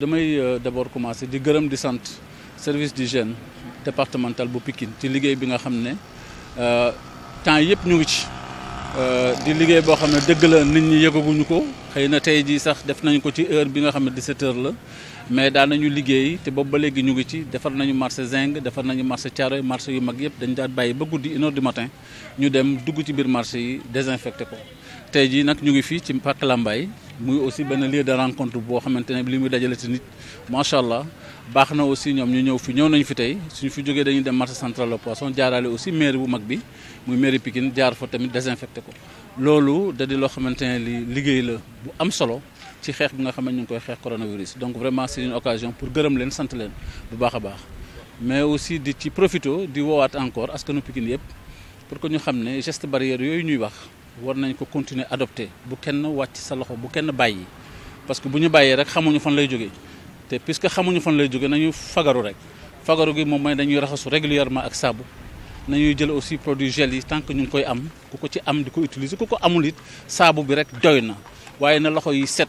damay euh, d'abord commencer di gërëm di sant service d'hygiène départemental bu Pikine ci liggéey bi nga xam ne euh, temps yëpp ñu ngi ci euh, di liggéey boo xam ne dëgg la nit ñi yëgaguñu ko xëy na tey jii sax def nañ ko ci heure bi nga xam ne 17 heures la mais daan nañu liggéey te boobu ba léegi ñu ngi ci defar nañu marché Zing defar nañu marché Thiaroye marché yu mag yëpp dañ daan bàyyi ba guddi une heure du matin ñu dem dugg ci biir marché yi désinfecté ko tey jii nag ñu ngi fii ci Pàcc Lambaye muy aussi benn lieu de rencontre boo xamante ne li muy dajale ci nit macha allah baax na aussi ñoom ñu ñëw fi ñëw nañu fi tey suñu fi jógee dañuy dem marché central le poisson jaarale aussi mairie bu mag bi muy mairie Pikine jaar fa tamit désinfecté ko loolu da loo xamante ne li liggéey la bu am solo ci xeex bi nga xam ne ñu ngi koy xeex coronavirus donc vraiment c'est une occasion pour gërëm leen sant leen bu baax a baax mais aussi di ci profito di woowaat encore askanu Pikine yëpp pour que ñu xam ne geste barrière yooyu ñuy wax war nañ ko continuer adopté bu kenn wàcc sa loxo bu kenn bàyyi parce que bu ñu bàyyee rek xamuñu fan lay jógee te puisque xamuñu fan lay jógee nañu fagaru rek fagaru gi moom mooy dañuy raxasu régulièrement ak saabu nañuy jël aussi produit gel yi tant que ñu ngi koy am ku ko ci am di ko utiliser ku ko amul it saabu bi rek doy na waaye na loxo yi set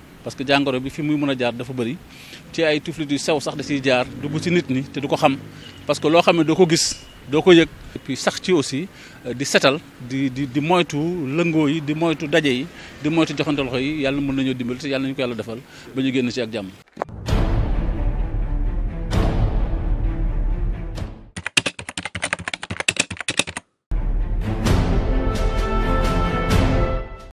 parce que jàngoro bi fi muy mën a jaar dafa bëri ci ay tuflit yu sew sax da ciy jaar dugg ci nit ñi te du ko xam parce que loo xam ne doo ko gis doo ko yëg. et sax ci aussi euh, di setal di di di moytu lëngoo yi di moytu daje yi di moytu joxante loxo yi yàlla mën nañoo dimbal te yàlla nañu ko yàlla defal ba ñu génn ci ak jàmm.